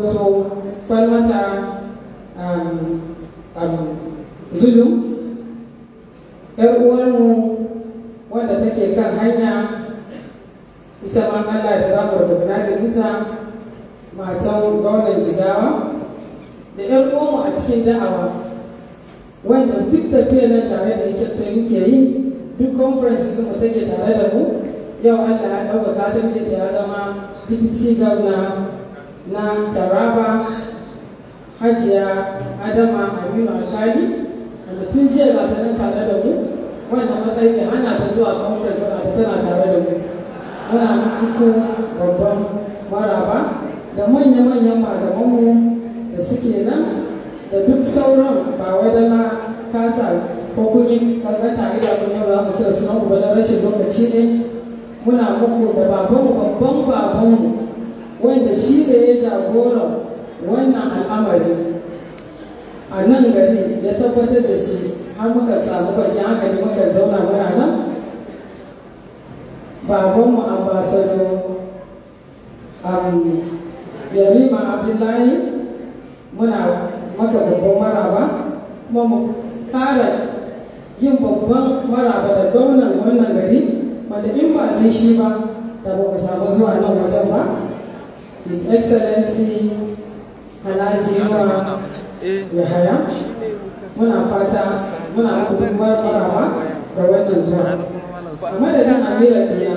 wato falmata um, um, zulum ‘yar uwarmu wanda take kan hanya ita ma Allah da zamu recognize ita matan gwamnan jigawa da ‘yar uwarmu a cikin da'awa wanda duk tafiya nan tare da kyauta muke yi duk conference su mu take tare da mu yau Allah ya ɗauka ta mijinta ya zama ci gwamna na taraba hajiya adama aminu alkali wanda tun jiya za ta nan tare da mu wanda matsayi ne hana ta zuwa kamfanin da tana tare da mu muna kuku babban maraba da manya-manyan malamanmu da suke nan da duk sauran ba na kasa ko kuki yi karkata ila kuma yau mu kira sunan ku ba rashin lokaci ne muna kuku da babanmu babban babanmu wanda shi ne ya jagora wannan al'amari a nan gari ya tabbatar da shi har muka samu kwanci ne muka zauna muna nan babanmu ambasado um, yarima abdullahi muna maka babban maraba kuma mu kara yin babban maraba da gwamnan wannan gari wanda in ba shi ba da ba ku samu zuwa nan wajen ba His Excellency Alhaji eh. Yahaya, muna fata muna kudubar marawa da wannan zuwa. Madadin Amira Biya, eh,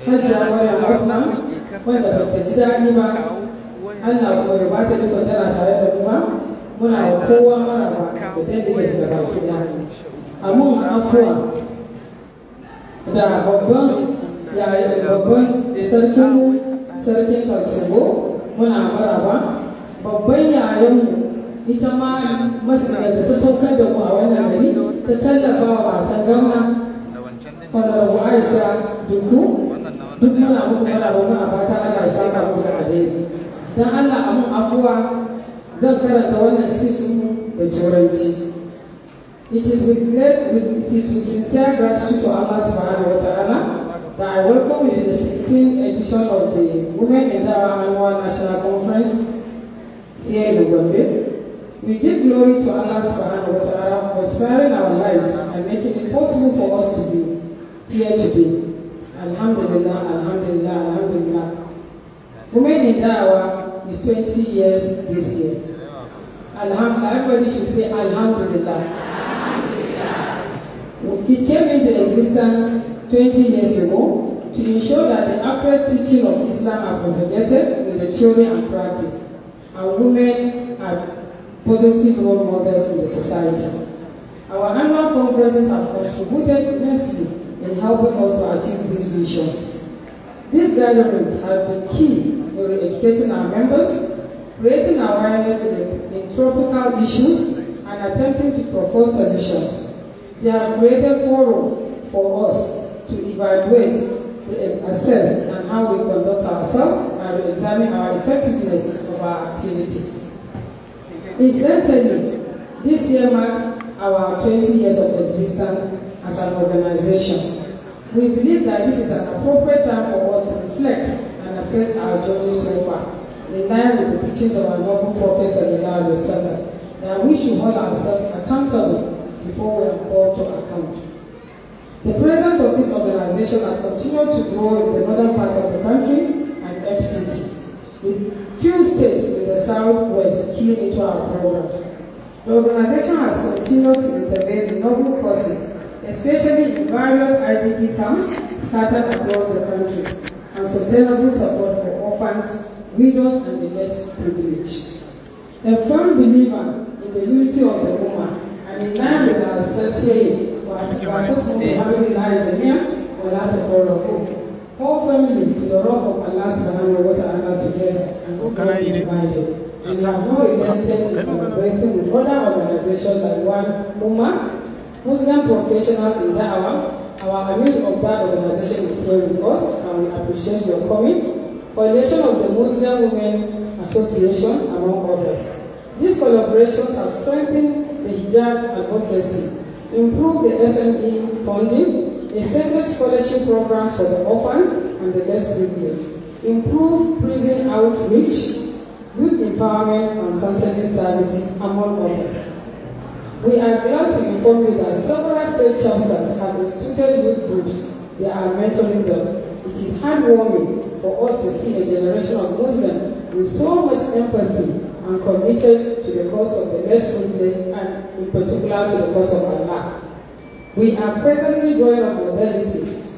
Hajja eh, Maryam Rahma, wanda ba ta ji daɗi ba, Allah ko ya ba ta duka tana tare da kuma muna wa kowa marawa da ta yi da su baki ɗaya. Amun afuwa da babban yayin babban sarkinmu sarkin kalsungo muna ba babban yayanmu ita ma da ta saukar da mu a wannan gari ta tallafa wa ta gama honorable aisha duku duk muna muku maraba muna fata allah isa saka muku da alheri don allah a afuwa zan karanta wannan speech da turanci It is with great, it is with sincere gratitude to Allah subhanahu wa ta'ala that I welcome you to the 16th edition of the Women in Dara Annual National Conference here in Uganda. We give glory to Allah subhanahu wa ta'ala for sparing our lives and making it possible for us to be here today. Alhamdulillah, Alhamdulillah, Alhamdulillah. Women in Dara is 20 years this year. Alhamdulillah, everybody should say Alhamdulillah. Alhamdulillah. It came into existence 20 years ago to ensure that the accurate teaching of Islam are propagated in the theory and practice, and women are positive role models in the society. Our annual conferences have contributed immensely in helping us to achieve these visions. These gatherings have been key in educating our members, creating awareness in, in tropical issues, and attempting to propose solutions. They have created forum for us to evaluate, to assess, and how we conduct ourselves and to examine our effectiveness of our activites. Incidentally, this year marks our 20 years of existence as an organization. We believe that this is an appropriate time for us to reflect and assess our journey so far, in line with the teachings of our noble professor Ilaro Sata, that we should hold ourselves accountable before we are called to account. The presence of this organization has continued to grow in the northern parts of the country and FCT, with few states in the southwest keying into our programs. The organization has continued to intervene in noble forces, especially in various IDP camps scattered across the country, and sustainable support for orphans, widows, and the less privileged. A firm believer in the unity of the woman, and in line with our saying, وأتقاكم family the rock of Allah subhanahu ta'ala together and have not relented in breaking with other organizations like one Ummah, Muslim professionals in Da'wah. Our Amir of that organization is here with us and we appreciate your coming. Coalition of the Muslim Women Association among others. These collaborations have strengthened the hijab advocacy improve the SME funding, establish scholarship programs for the orphans and the less privileged, improve prison outreach, youth empowerment and counseling services, among others. We are glad to inform you that several state chapters have instituted youth groups They are mentoring them. It is heartwarming for us to see a generation of Muslims with so much empathy and committed to the cause of the less privileged and in particular to the cause of Allah. We are presently drawing up modalities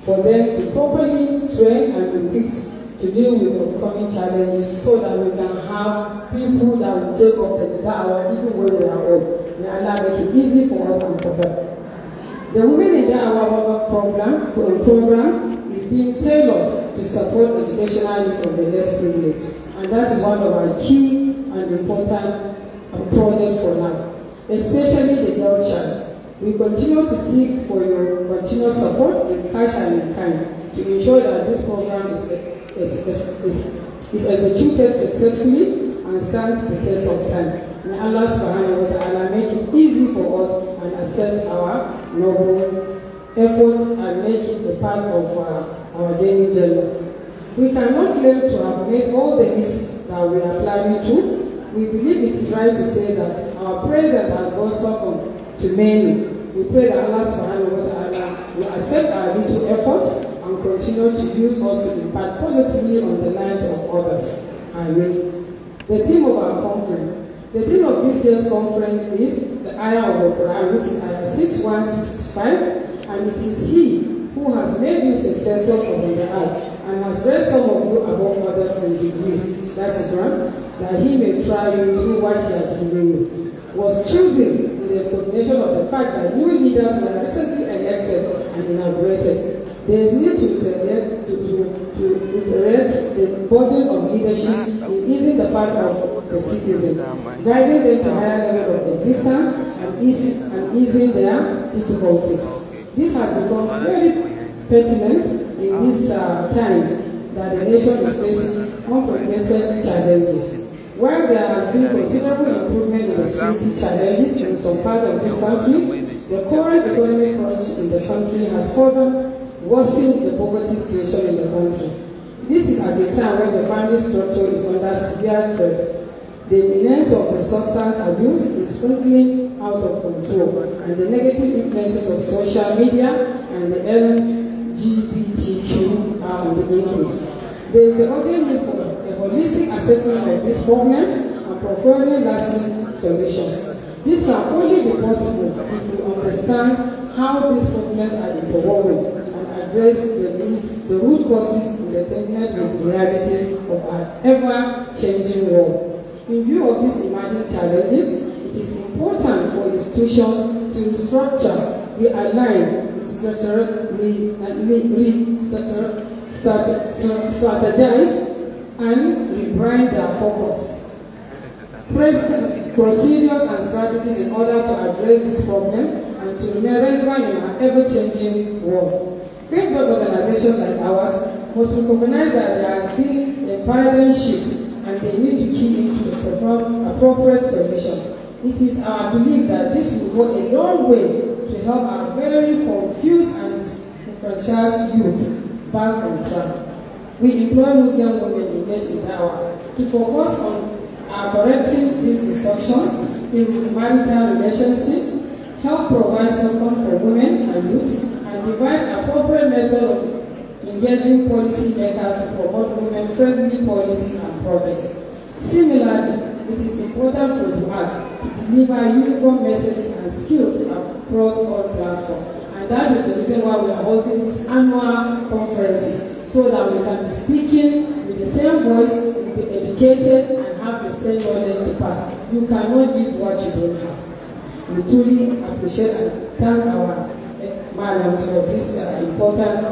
for them to properly train and equip to deal with upcoming challenges so that we can have people that will take up the da'wah even when we are old. May Allah make it easy for us and for them. The Women in Da'wah program, program is being tailored to support educational needs of the less privileged. And that is one of our key and important projects for now especially the girl child. We continue to seek for your continuous support in cash and in kind to ensure that this program is, is, is, is, executed successfully and stands the test of time. May Allah subhanahu wa ta'ala make it easy for us and accept our noble efforts and make it a part of our, uh, our daily journey. We cannot claim to have made all the needs that we are planning to. We believe it is right to say that our presence has brought succor to many. We pray that Allah subhanahu wa ta'ala will accept our little efforts and continue to use us to impact positively on the lives of others. Amen. The theme of our conference. The theme of this year's conference is the Ayah of the Quran, which is Ayah 6165, and it is He who has made you successful from the earth and has raised some of you above others in degrees. That is right. that He may try you through what He has given you was chosen with the recognition of the fact that new leaders were recently elected and inaugurated. There is need to, to, to, address the burden of leadership in easing the path of the citizens, guiding them to higher level of existence and easing, and easing their difficulties. This has become very pertinent in these uh, times that the nation is facing unprecedented challenges. While there has been considerable improvement in the security challenges in some parts of this country, the current economic crunch in the country has further worsened the poverty situation in the country. This is at a time when the family structure is under severe threat. The menace of the substance abuse is spilling out of control, and the negative influences of social media and the LGBTQ are on the increase. There is the urgent need for holistic assessment of this problem and providing lasting solutions. This can only be possible if we understand how these problems are interwoven and address the needs, the root causes in the technical and realities of our ever-changing world. In view of these emerging challenges, it is important for institutions to structure, realign, restructure, re, re, re, re, strategize and rebrand their focus. Present procedures and strategies in order to address this problem and to remain relevant in an ever-changing world. Faith-based organizations like ours must recognize that there has been a paradigm shift and they need to key into the appropriate solution. It is our belief that this will go a long way to help our very confused and disenfranchised youth back on track. We employ Muslim women engaged with our to focus on uh, correcting these dysfunctions in marital relationship, help provide support for women and youth, and devise appropriate measures of engaging policymakers to promote women-friendly policies and projects. Similarly, it is important for us to deliver uniform messages and skills across all platforms. And that is the reason why we are holding this annual conferences so that we can be speaking with the same voice, be educated, and have the same knowledge to pass. You cannot give what you don't have. We truly appreciate and thank our eh, madams for this uh, important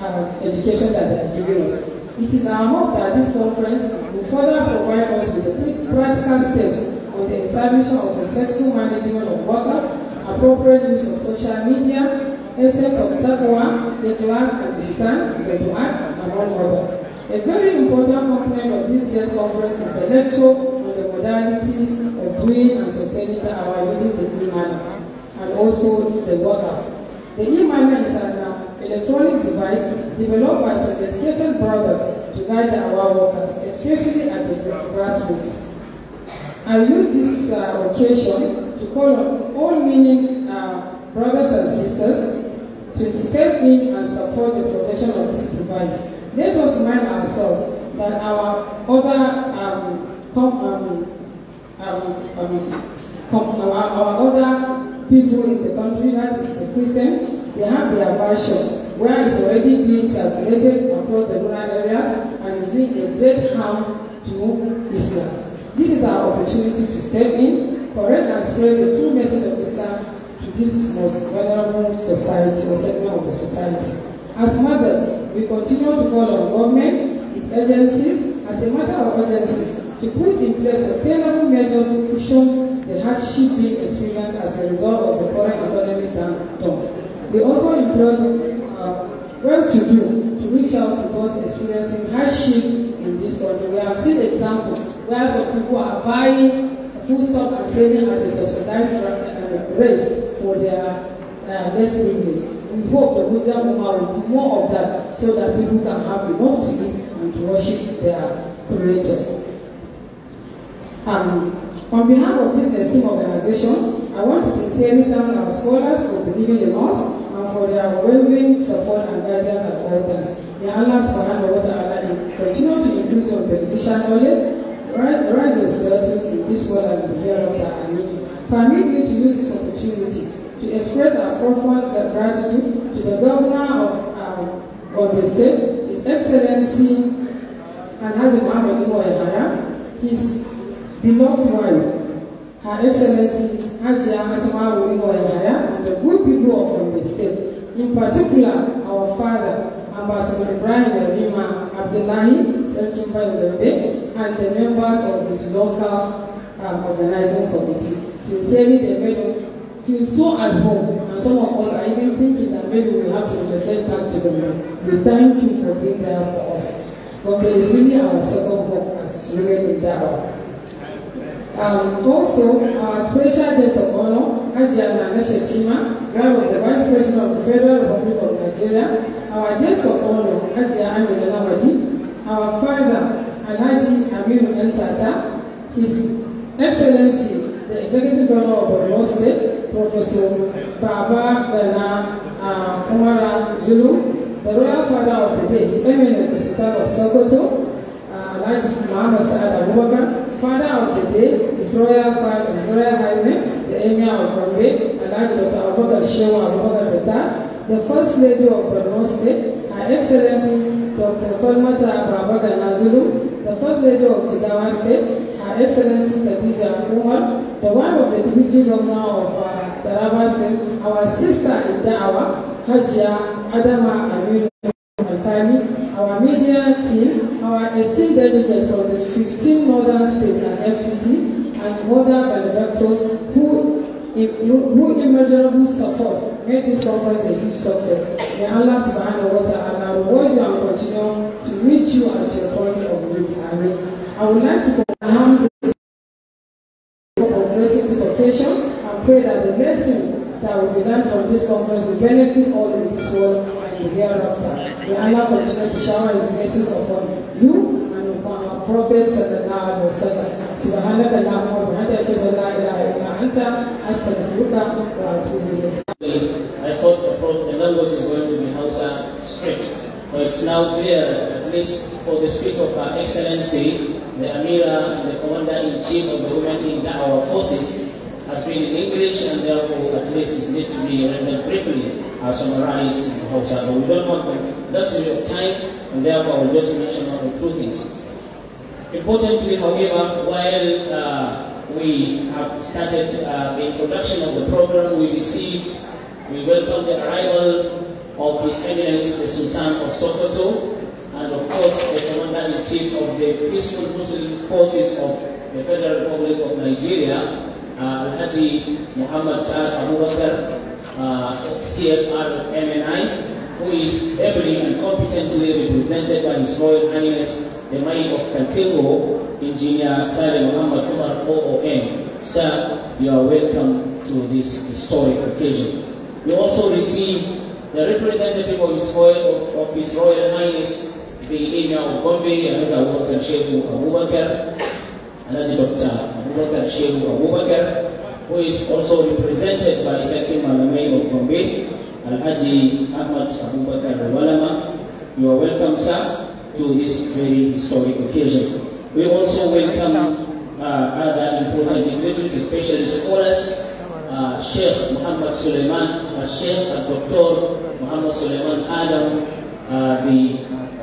uh, education that they are giving us. It is our hope that this conference will further provide us with the practical steps on the establishment of successful management of water, appropriate use of social media, instead of the ikhlas, and ihsan, the du'at, among others. A very important component of this year's conference is the lecture on the modalities of doing and sustaining the hour using the imana and also the workout. The imana is an electronic device developed by sophisticated brothers to guide our workers, especially at the grassroots. I use this uh, occasion to call on all meaning uh, brothers and sisters to step in and support the protection of this device. Let us remind ourselves that our other um, com, um, um, um, com, our, our other people in the country, that is the Christian, they have their version where it's already being circulated across the rural areas and is doing a great harm to Islam. This is our opportunity to step in, correct and spread the true message of Islam this most vulnerable society or segment of the society. As mothers, we continue to call on government, its agencies, as a matter of urgency, to put in place sustainable measures to cushion the hardship being experienced as a result of the current economic downturn. We also implore uh, well-to-do to reach out to those experiencing hardship in this country. We have seen examples where some people are buying food stock and selling at a subsidized uh, rate for their uh, less privilege. We hope the Muslim Ummah will do more of that so that people can have enough to eat and to worship their Creator. Um, on behalf of this esteemed organization, I want to sincerely thank our scholars for believing in us and for their unwavering support and guidance and guidance. May Allah subhanahu wa ta'ala continue to increase your beneficial knowledge, rise your status in this world and the hereafter. Permit me to use opportunity to express our profound gratitude to the governor of, uh, the state, His Excellency Hanaji Mohamed Moyahaya, his beloved wife, Her Excellency Hajia Asamaru Moyahaya, and the good people of the state, in particular our father, Ambassador Brian Yavima Abdullahi, and the members of his local uh, organizing committee. Sincerely, the Mayor feel so at home. And some of us are even thinking that maybe we have to return back to the Lord. We thank you for being there for us. But is really our second book as women in Dara. Um, also, our special guest of honor, Ajana Neshetima, God of the Vice President of the Federal Republic of Nigeria. Our guest of honor, Ajana Aminalawaji. Our father, Alhaji Aminu Entata. His Excellency, the Executive Governor of Borno State, Professor Baba Gana uh, Umara Zulu, the Royal Father of the Day, His eminent Sultan of Sokoto, uh, Last Muhammad Saad Abubakar, Father of the Day, His Royal Father, His Royal Highness, the Emir of Bombay, Alhaji Dr. Abubakar Shewa Abubakar Bata, the First Lady of Borno State, Her Excellency Dr. Falmata Baba Gana Zulu, the First Lady of Jigawa State, Excellency Khadija Umar, the wife of the Deputy Governor of uh, Taraba State, our sister in Dawa, Hajia Adama Aminu Alkali, our media team, our esteemed delegates from the 15 northern states and FCT, and other benefactors who, who immeasurable support made this conference a huge success. May Allah subhanahu wa ta'ala reward you and continue to reach you at your point of needs. I would like to that will be learned from this conference will benefit all in this world and the hereafter. May Allah continue to shower His blessings upon you and upon our prophets سبحانك اللهم وبحمدك أشهد أن لا إله إلا أنت أستغفرك وأتوب إليك. I thought approach the language is going to be Hausa strict, but it's now clear at least for the speech of Her Excellency, the Amira and the Commander in Chief of the Women in our forces has been in English and therefore at least it needs to be rendered briefly uh, summarized in the Hausa. But we don't want the luxury of time and therefore I'll just mention one or two things. Importantly, however, while uh, we have started uh, the introduction of the program, we received, we welcome the arrival of His Eminence the Sultan of Sokoto, and of course the Commander-in-Chief of the Peaceful Muslim Forces of the Federal Republic of Nigeria, Alhaji uh, Muhammad Saad Abu Bakr, uh, MNI, who is ably and competently represented by His Royal Highness the Mayor of Kantingo, Engineer Saleh Muhammad Umar O O M. Sir, you are welcome to this historic occasion. We also receive the representative of His Royal, of, of His Royal Highness, the Emir of Bombay, Anaza Abubakar Sheikh Abubakar, Anaza Dr. Shehu Abubakar, who is also represented by Saki Malamay of Bombay, Al-Haji Ahmad Abubakar Walama. You are welcome, sir, to this very historic occasion. We also welcome uh, other important individuals, especially scholars, uh, Sheikh Muhammad Suleiman, uh, Sheikh and uh, Dr. Muhammad Suleiman Adam, uh, the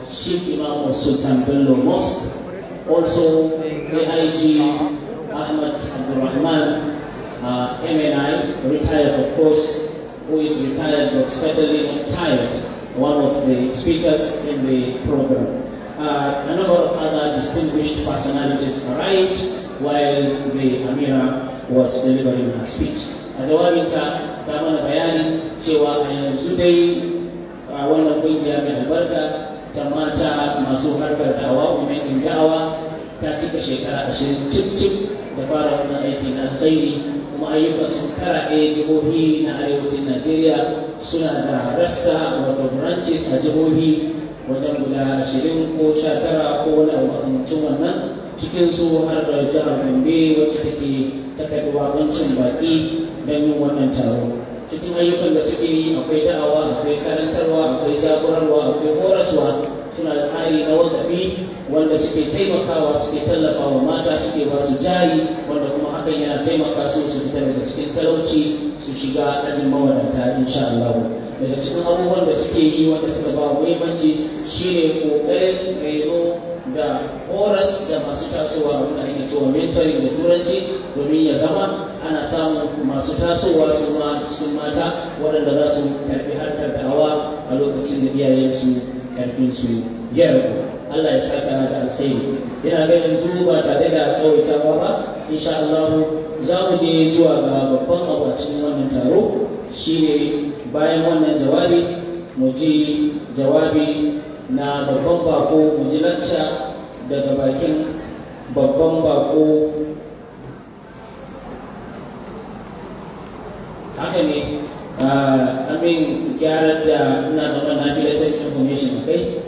Chief Imam of Sultan Bello Mosque, also the IG Ahmad Abdul Rahman, uh, MNI, retired of course, who is retired but certainly not tired, one of the speakers in the program. Uh, a number of other distinguished personalities arrived while the Amira was delivering her speech. Atawaminta ta mana bayani cewa a yanzu dai a uh, wannan kungiya mai albarka ta mata masu harkar dawa women in da'awa ta shekara ashirin cip cip da fara wannan aiki na alkhairi kuma ayyukan sun karaɗe jihohi na arewacin najeriya suna da rassa wato branches a jihohi wajen guda ashirin ko sha tara ko wani abu makamancin wannan cikin su har da jihar gombe wacce take ta kai wabancin baki don yin wannan taro cikin ayyukan da suke yi akwai da'awa akwai karantarwa akwai zaburarwa akwai horaswa suna da tsari na wakafi wanda suke taimakawa suke tallafawa mata suke ba su jari wanda kuma hakan yana taimaka su su fita daga cikin talauci su shiga ajin mawadata insha Allah daga cikin abubuwan da suke yi wanda suka ba muhimmanci shine kokarin reno da horas da masu tasowa abin da ake cewa mentoring da turanci domin ya zama ana samun masu tasowa su ma cikin mata waɗanda za su karɓi harkar da'awa a lokacin da iyayensu karfin su yarabu Allah ya saka da alkhairi ina ga yanzu ba tare da tsawaita ba insha Allah za mu je zuwa ga babban abacin wannan taro shine bayan wannan jawabi mu ji jawabi na babban bako mu ji lacca daga bakin babban bako haka ne ah, amin gyarar da ina da na fi latest information kai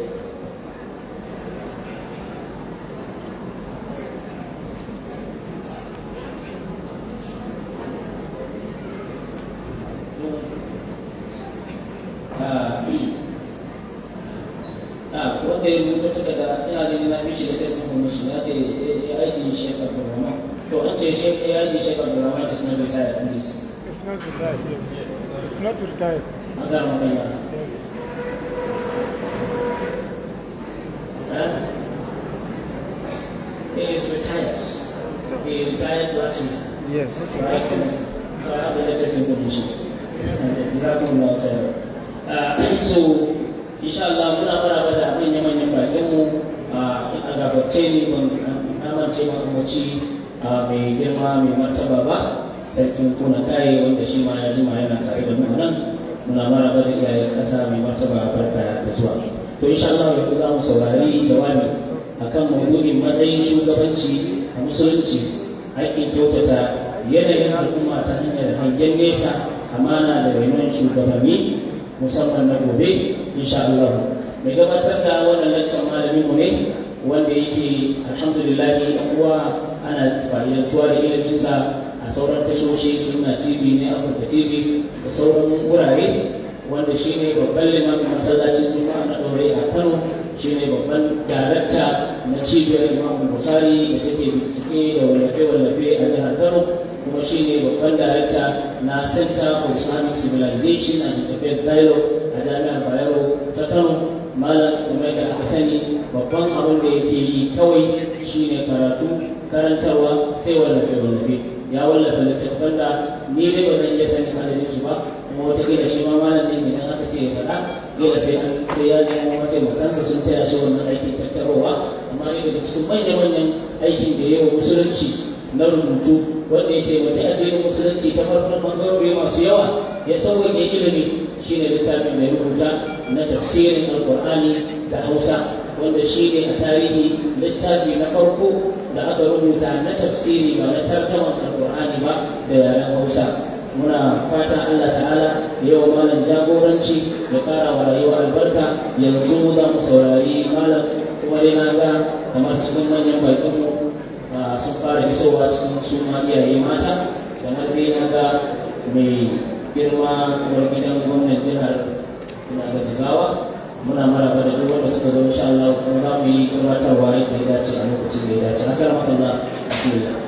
musamman na gobe insha Allah mai gabatar da wannan lakcin malami mu ne wanda yake alhamdulillah uwa ana fa'idantuwa da iliminsa a sauran tashoshi suna tv ne afirka tv da sauran wurare wanda shi ne babban limamin masallacin juma'a na ɗaure a kano shi ne babban darakta na cibiyar imamu bukari da take bincike da wallafe-wallafe a jihar kano kuma shi ne babban darakta na center for islamic civilization yake yi kawai ne karatu karantarwa sai wallafe wallafe ya wallafa littattafan da ni dai ba zan iya sani adadin su ba kuma wata da shi ma malam ne idan aka ce ya faɗa dole sai an sai ya nemo makansa sun taya shi wannan aikin tattarowa amma ne daga cikin manya-manyan aikin da yawa musulunci na rubutu wanda ya taimaki addinin musulunci ta farkon bangarori masu yawa ya sauƙaƙe ilimi shine littafin mai rubuta na tafsirin alƙur'ani da hausa wanda shi ne a tarihi littafi na farko da aka rubuta na tafsiri ba na tartawan alkur'ani ba da yaren hausa muna fata allah ta'ala yau malam jagoranci da ƙara wa rayuwa albarka yanzu za mu saurari malam kuma dai na ga kamar cikin manyan baƙinmu sun fara isowa cikin suma iyaye mata kamar dai na ga mai girma uwar gidan gwamnan jihar na jigawa muna maraba da duk wanda suka zo insha Allah kuma za mu yi gabatarwa yadda ya dace a lokacin da ya dace haka ramadan na bismillah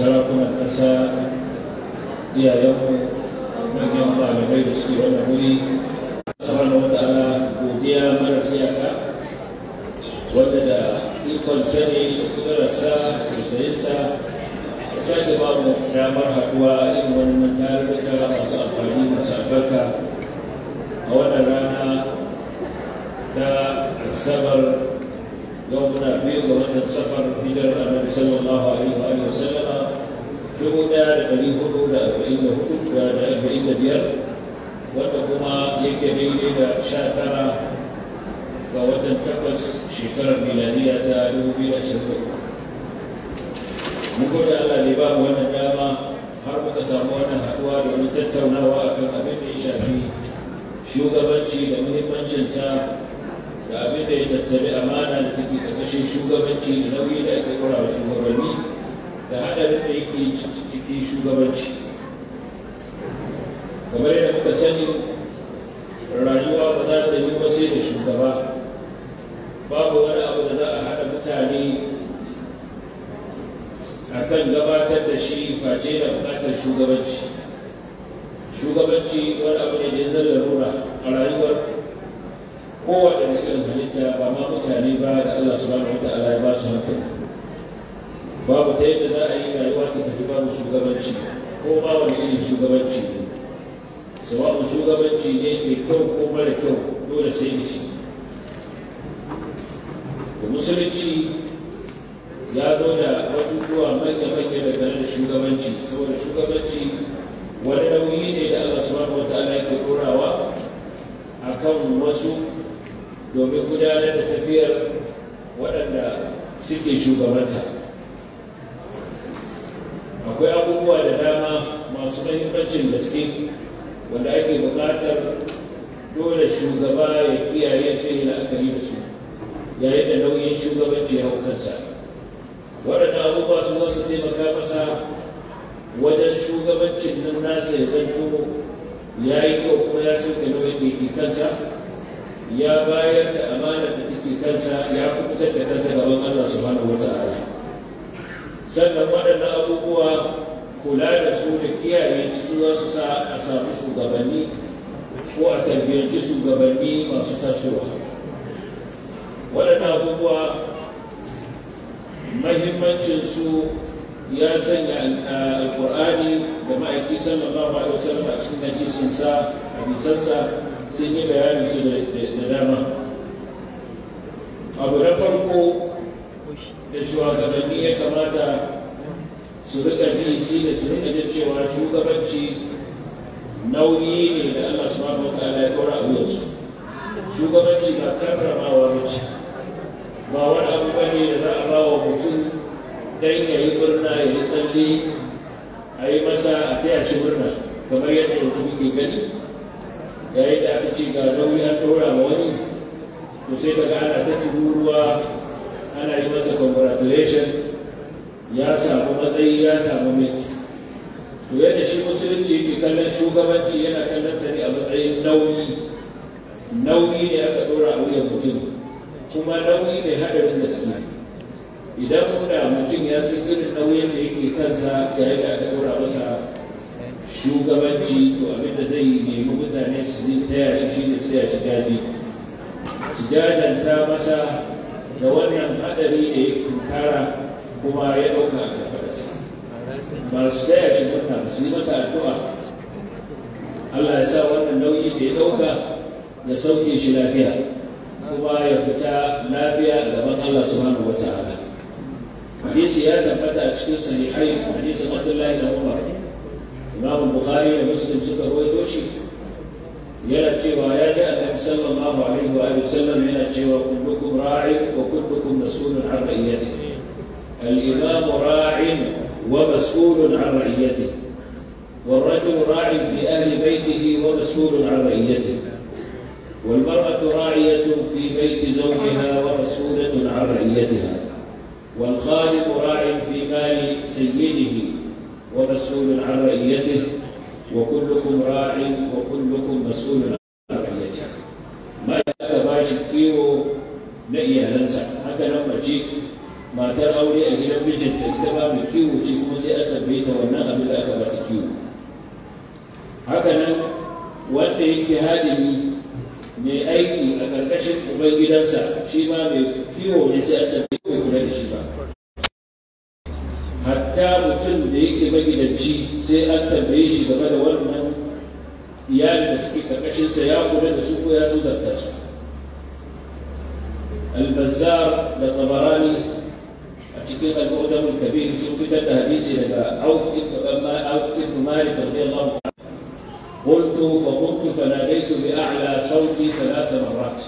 sarakunan ƙasa iyayenmu manyan malamai da suke wannan wuri subhanahu wa ta'ala godiya mara iyaka wanda da ikon sani da kudararsa tausayinsa ya sake ba mu damar haɗuwa irin wannan tarurruka masu amfani masu albarka a wannan rana ta asabar yau muna biyu ga watan safar hijirar annabi sallallahu alaihi wa sallama dubu ɗaya da ɗari hudu da arba'in da hudu da arba'in da biyar wanda kuma yake daidai da sha tara ga watan takwas shekarar miladiya ta dubu biyu da ashirin mun gode Allah ne ba mu wannan dama har muka samu wannan haɗuwa domin tattaunawa akan abin da ya shafi shugabanci da muhimmancinsa da abin da ya tattali amana da take ƙarƙashin shugabanci da nauyi da ake ƙura wa shugabanni da haɗarin da yake cikin shugabanci kamar yadda muka sani rayuwa ba za ta yi ba sai da shugaba babu wani abu da za a haɗa mutane a kan gabatar da shi face da buƙatar shugabanci shugabanci wani abu ne da ya zalla a rayuwar kowane irin halitta ba ma mutane ba da allah subhanahu wa ta'ala ya ba su hankali babu ta yadda za a yi rayuwa ta tafi babu shugabanci ko ba wani irin shugabanci ne sawa'un shugabanci ne mai kyau ko mara kyau dole sai da shi da musulunci ya zo da batutuwa manya-manya da tare da shugabanci saboda shugabanci wani nauyi ne da allah subhanahu ta ta'ala yake korawa a kan wasu domin gudanar da tafiyar waɗanda suke shugabanta akwai abubuwa da dama masu mahimmancin gaske wanda ake buƙatar dole shugaba ya kiyaye sai ya la'akari da su yayin da nauyin shugabanci ya kansa waɗannan abubuwa su wasu taimaka masa wajen shugabancin nan nasa ya zanto ya yi kyau kuma ya sauke nauyin da yake kansa ya bayar da amanar da take kansa ya kubutar da kansa gaban Allah subhanahu wa ta'ala sannan kuma kula da su da kiyaye su zuwa su sa a samu shugabanni ko a tarbiyyance shugabanni masu tasowa waɗannan abubuwa mahimmancinsu ya sanya Al-Qur'ani da ma'aiki sallallahu yau wasallam a cikin hadisinsa hadisansa sun yi bayani su da dama abu na farko da shugabanni ya kamata su rika ji shi da su rika jin cewa shugabanci nauyi ne da Allah subhanahu wa ta'ala ya kora a wuyansu shugabanci ba karramawa ba ce ba wani abu ba ne da za a ba wa mutum dan ya yi murna ya yi tsalle a yi masa a taya shi murna kamar yadda yanzu muke gani yayin da aka ce ga nauyi an ɗora ma wani to sai daga ana ta tururuwa ana yi masa congratulation ya samu matsayi ya samu mulki to yadda shi musulunci ke kallon shugabanci yana kallon sa ne a matsayin nauyi nauyi ne aka dora a wuyan mutum kuma nauyi ne hadarin suna idan muna mutum ya san irin nauyin da yake kansa ya da aka dora masa shugabanci to abin da zai nemi mutane su taya shi shi ne su yashi shi daji su jajanta masa da wannan hadari da ya tunkara kuma ya ɗauka a tabbata ba su taya shi murna ba su yi masa addu'a Allah ya sa wannan nauyi da ya ɗauka ya sauke shi lafiya kuma ya fita lafiya a gaban Allah hannu wata ta'ala hadisi ya tabbata a cikin sahihai hadisi Abdullahi da Umar imamu Bukhari da Muslim suka rawaito shi yana cewa ya ji annabi sallallahu alaihi wa sallam yana cewa kullukum ra'in wa kullukum mas'ulun an ra'iyatihi الإمام راع ومسؤول عن رعيته والرجل راع في أهل بيته ومسؤول عن رعيته والمرأة راعية في بيت زوجها ومسؤولة عن رعيتها والخالق راع في مال سيده ومسؤول عن رعيته وكلكم راع وكلكم مسؤول عن رعيته ما يكفاش كيو نئي هلنسا هكذا ما جيت matar aure a gidan mijinta ita ba mai kiwo ce kuma sai an tambaye ta wannan abin da aka ba kiwo haka nan wanda yake hadimi mai aiki a ƙarƙashin uban gidansa shi ma mai kiwo ne sai an tambaye ko kula da shi ba hatta mutum da yake magidanci sai an tambaye shi game da wannan iyalin da suke ƙarƙashinsa ya kula da su ko ya tutarta su albazar da tabarani الشقيق المؤدب الكبير سفت sun الى عوف ابن daga auf مالك رضي الله عنه قلت فقمت فناديت بأعلى صوتي ثلاث مرات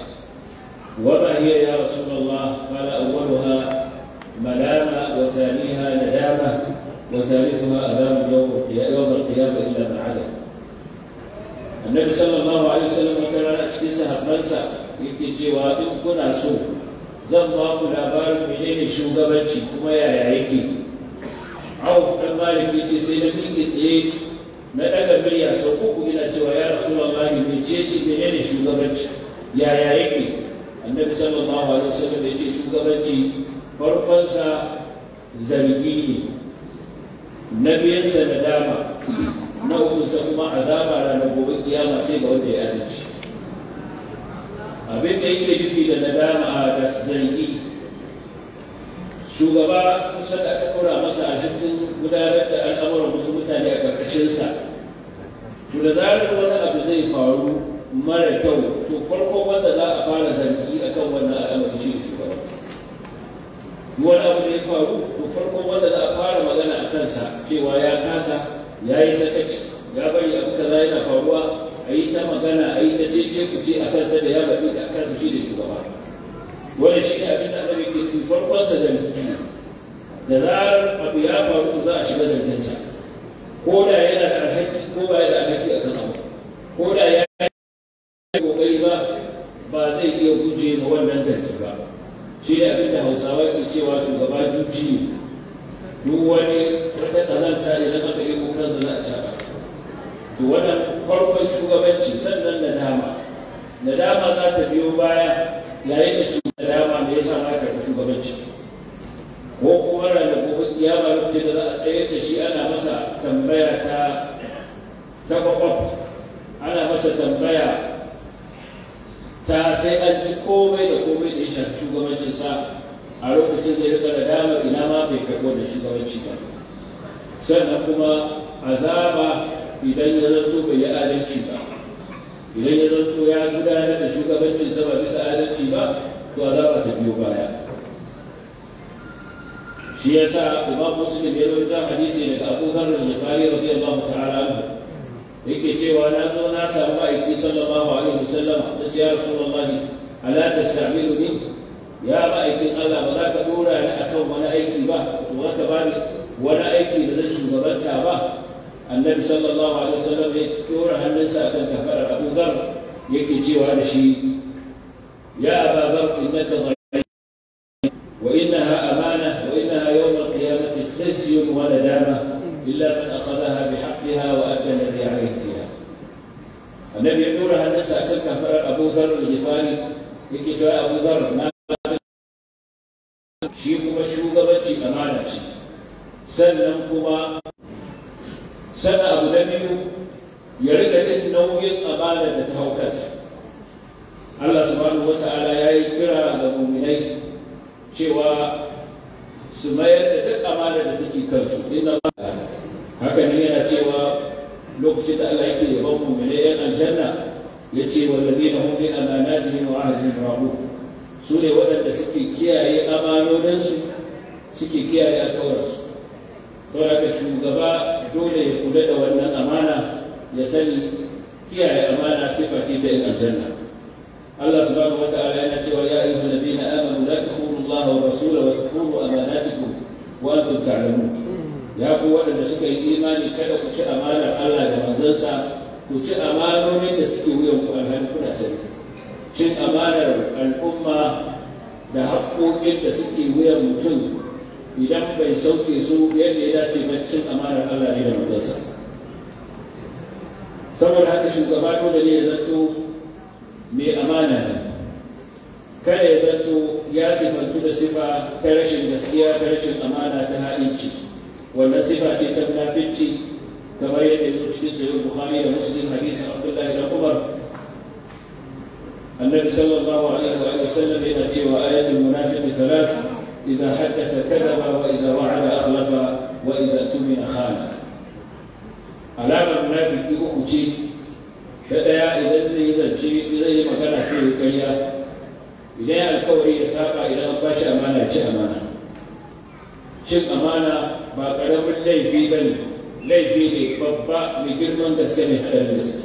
وما هي يا رسول الله قال أولها ملامة وثانيها ندامة وثالثها أمام يوم يوم القيامة إلا من عدم النبي صلى الله عليه وسلم قال لا سهب منسى يكي جوا إن كنا سوق zan ba ku labarin menene shugabanci kuma yaya yake auf dan maliki ce sai na miƙe tsaye na daga murya sau uku ina cewa ya rasulullahi mecece menene shugabanci yaya yake annabi sallallahu alaihi wasallam ya ce shugabanci farkonsa zargi ne na biyansa dama na ukunsa kuma azaba ranar gobe kiyama sai ga wanda ya adalci abin da yake nufi da nadama da zargi shugaba da aka ɗora masa a cikin gudanar da al'amuran wasu mutane a ƙarƙashinsa to da zarar wani abu zai faru mara kyau to farko wanda za a fara zargi akan wannan al'amari shi shugaba wani abu da ya faru to farko wanda za a fara magana a kansa cewa ya kasa ya yi sakaci ya bari abu kaza yana faruwa a yi ta magana a yi ta cece ku ce a kansa da ya baɗi da kansa shi da shugaba wani shi ne abin da annabi ke tu farkonsa da da zarar abu ya faru to za a shiga zarginsa ko da yana da alhaki ko ba ya da alhaki a kan abu ko da ya yi kokari ba ba zai iya guje ma wannan zargi ba shi ne abin da hausawa ke cewa shugaba juji duk wani wata ƙazanta idan aka yi kokan zana a to wannan farkon shugabanci sannan dama. Da dama za ta biyo baya yayin da shugaban nadama me yasa aka shugabanci ko kuma ranar gobe kiyama ce da za a tsayar da shi ana masa tambaya ta ta ana masa tambaya ta sai an ji komai da komai da ya shafi sa a lokacin zai rika da dama, ina ma bai karɓo da shugabanci ba sannan kuma azaba idan ya zanto bai yi adalci ba idan ya zanto ya gudanar da shugabancin sama bisa adalci ba to azaba ta biyo baya shi ya sa imam muslim ya rawaita hadisi daga abu zarar ya fari radiyallahu ta'ala anhu yake cewa na zo na samu ma'aiki sallallahu alaihi wasallam na ce ya rasulullahi ala tastamilu ni ya ma'aikin Allah ba za ka dora ni akan wani aiki ba to za ka ni wani aiki da zan shugabanta ba النبي صلى الله عليه وسلم يقول هل ليس كفر ابو ذر يكتشي وانا شيء يا ابا ذر انك ضيع وانها امانه وانها يوم القيامه خزي وندامه الا من اخذها بحقها وادى الذي عليه فيها النبي يقول هل ليس كفر ابو ذر الغفاري يكتشي ابو ذر ما شيء مشهود بجي امانه سلمكما sannan abu na biyu ya rika cin nauyin amana da ta haukata. Allah subhanahu wa ta'ala ya yi kira ga muminai cewa su mayar da duk amana da take kansu inna haka ne yana cewa lokacin da Allah yake yaban muminai yan aljanna ya ce wallazina hum bi amanatihim wa ahdihim rabu? su ne waɗanda suke kiyaye amanoninsu suke kiyaye alkawarinsu saboda shugaba dole ya kula da wannan amana ya sani kiyaye amana sifa ce ta yin aljanna Allah subhanahu wa ta'ala yana cewa ya ayyuhal ladina amanu la taqulu Allah wa rasulahu wa taqulu amanatikum wa antum ta'lamun ya ku wadanda suka yi imani kada ku ci amanar Allah da manzansa ku ci amanonin da suke wuyan ku alhali kuna sani cin amanar al'umma da haƙƙoƙin da suke wuyan mutum idan bai sauke su yadda ya dace ba cin amanar Allah ne da manzansa saboda haka shugaba dole ne ya zato mai amana ne kada ya zato ya sifantu da sifa ta rashin gaskiya ta rashin amana ta ha'inci wanda sifa ce ta munafici kamar yadda ya zo cikin sayin bukhari da muslim hadisin abdullahi da umar annabi sallallahu alaihi wa sallam yana cewa ayatul munafiqi thalatha إذا حدث كذب وإذا وعد أخلف وإذا اؤتمن خان alamar munafiki uku ce ta ɗaya idan zai yi zance zai yi magana sai ya idan ya alkawari ya saba idan an bashi amana ci amana cin amana ba ƙaramin laifi ba ne laifi ne babba mai girman gaske mai haɗarin gaske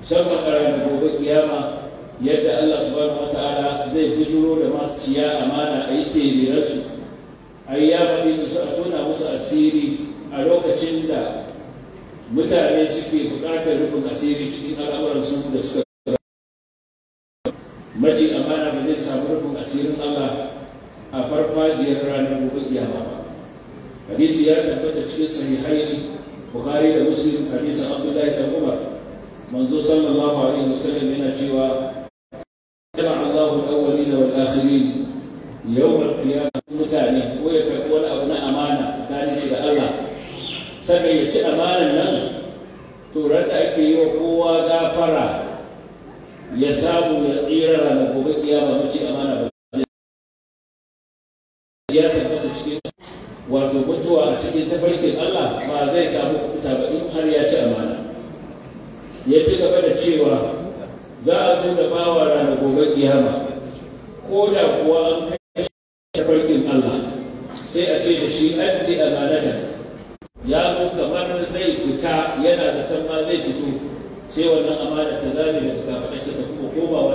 musamman ƙaramin gobe kiyama yadda Allah subhanahu wataala zai bijiro da maciya amana a yi terirarsu ai ya bari musu a tona musu asiri a lokacin da mutane suke buƙatar rufin asiri cikin al'amuransu da suka maci amana ba zai samu rufin asirin Allah a farfajiyar ranar gobe kiyama ba hadisi ya tabbata cikin sahihaini bukhari da muslim hadisin abdullahi da umar manzo sallallahu alaihi wasallam yana cewa yau da kiyama mutane ko ya karɓi wani abu na amana tsakanin shi da Allah saka ya ci amanan nan to ran da ake yi wa kowa gafara ya samu ya tsira ranar gobe kiyama ci amana ba ya tabbata cikin wato mutuwa a cikin tafarkin Allah ba zai samu kuta ba in har ya ci amana ya ci gaba da cewa za a zo da bawa ranar gobe kiyama ko da kuwa an yu'addi amanatan ya zo kamar zai fita yana zaton ma zai fito sai wannan amana ta zame daga kafaɗarsa ta kuma komawa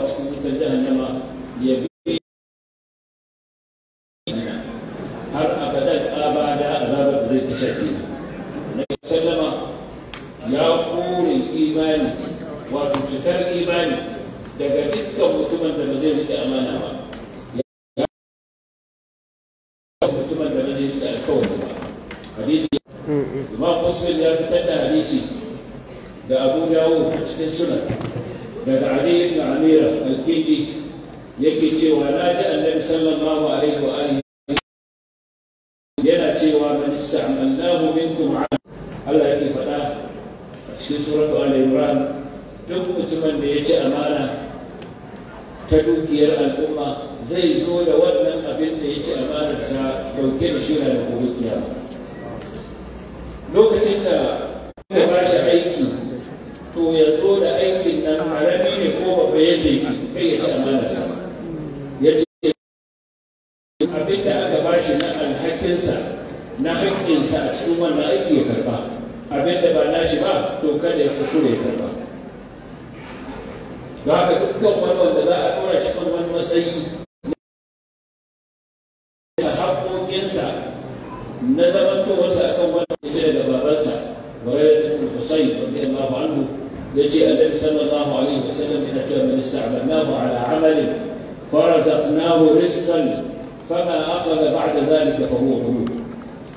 ذلك فهو غلول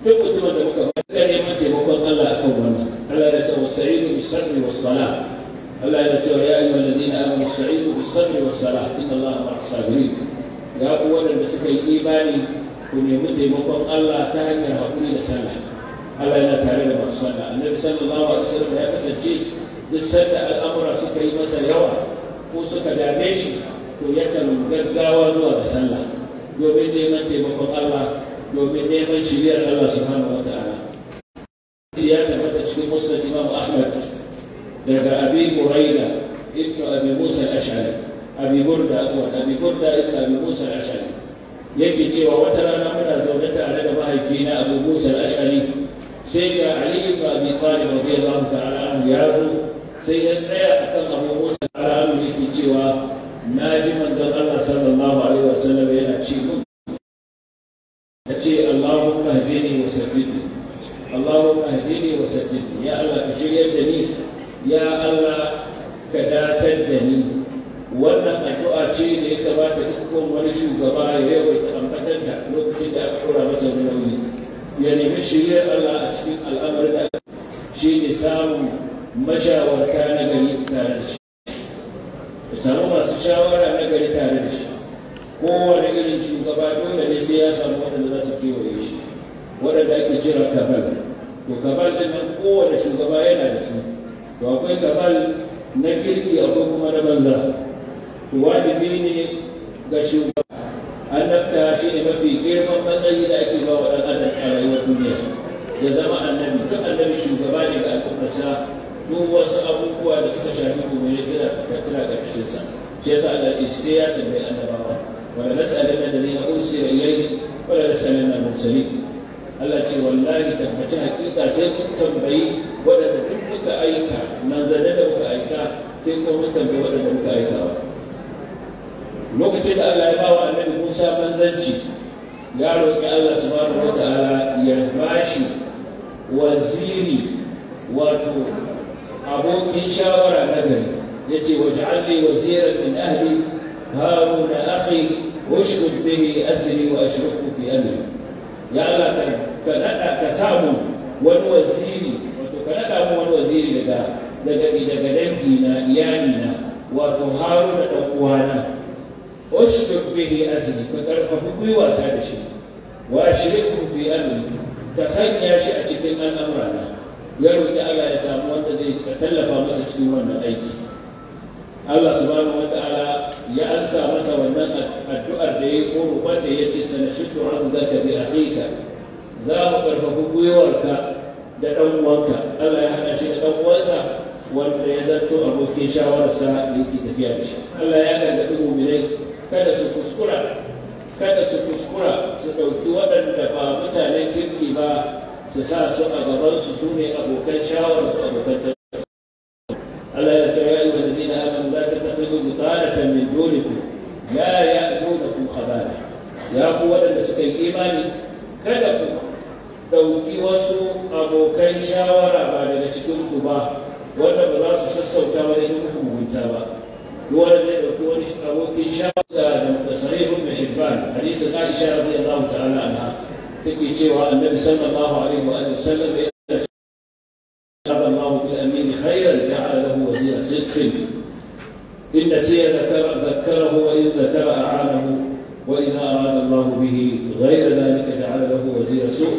duk mutumin da muka ga neman taimakon Allah akan wannan Allah ya ce wasta'inu bis-sabri was-salah Allah ya ce ya ayyuhal ladina amanu wasta'inu bis-sabri was-salah inna Allaha ma'as sabirin ku wanda suka yi imani ku nemi taimakon Allah ta hanyar hakuri da sallah Allah yana tare da masu sallah annabi sallallahu alaihi wasallam ya kasance duk al'amura suka yi masa yawa ko suka dame shi Ko yakan gaggawa zuwa ga sallah domin neman taimakon Allah domin neman shiriyar Allah subhanahu wata'ala ya tabbata cikin musa, Imam Ahmad daga Abi Hurairah ibn Abi Musa al-Ash'ari Abi Burda afwan Abi Burda ibn Abi Musa al-Ash'ari yake cewa wata rana muna zaune tare da mahaifina Abu Musa al-Ash'ari sai ga Ali ibn Abi Talib radiyallahu ta'ala anhu ya zo sai ya tsaya akan Abu Musa al-Ash'ari yake cewa na ji manzon Allah sallallahu alaihi wasallam ce mun ya Allah da ni ya Allah da ni wannan addu'a ce da ya kamata dukkan wani shugaba ya yawaita ambatanta da aka kura masa ya nemi shiryar Allah a cikin al'amarin da shi ne samun mashawarta na gari shugaba dole ne sai ya samu waɗanda za su kewaye shi waɗanda ake jira kabal to kabal ɗin nan kowane shugaba yana da su to akwai kabal na kirki akwai kuma na banza to wajibi ne ga shugaba annabta shi ne mafi girman matsayi da ake ba wa ɗan adam a rayuwar duniya ya zama annabi duk annabi shugaba ne ga al'ummarsa duk wasu abubuwa da suka shafi gobe suna tattara ƙarƙashinsa shi yasa Allah ce sai ya tambayi annabawa ولنسألن الذين أرسل إليهم ولنسألن المرسلين Allah ce wallahi tabbata hakika sai mun tambayi waɗanda duk muka aika manzanne da muka aika sai kuma mun tambayi waɗanda muka aika lokacin da Allah ya ba wa annabi Musa manzanci ya roƙi Allah subhanahu wata'ala ya bashi waziri wato abokin shawara na gari ya ce waj'alni waziran min ahli هارون أخي واشهد به أزري وأشركه في أمري يا الله كندا كسامو wani waziri wato ka naɗa mu wani waziri daga dangi na iyali na wato haruna ɗan uwana ushkuk bihi azli ka karfafi gwiwa ta da shi wa ashriku fi amri ka sanya shi a cikin al'amura na ya ya samu wanda zai tallafa masa cikin wannan aiki Allah subhanahu ya ansa masa wannan addu'ar da ya yi ko roƙon ya ce sana shiddu an da ka bi akhika za mu ƙarfafi gwiwarka da ɗan uwanka Allah ya haɗa shi da ɗan uwansa wanda ya zanto abokin shawarar shawararsa da ke tafiya da shi Allah ya gargaɗi muminai kada su kuskura kada su kuskura su ɗauki waɗanda ba mutanen kirki ba su sa su a gaban su ne abokan shawararsu abokan خرج من دونكم لا يأتونكم خبالا يا قوة لسكي إيماني ku ɗauki wasu abokan shawara ba daga cikin ku ba wanda ba za su sassauta ba da yin hukunta ba wanda zai ɗauki wani abokin shawara da hadisi mahibban hadisin aisha radiyallahu ta'ala anha take cewa annabi sallallahu alaihi wa sallam ya ce Allahu bil amin khairan ta'ala lahu wazira sidqin إن نسي ذكر ذكره وإن ذكر أعانه وإن أراد الله به غير ذلك جعل له وزير سوء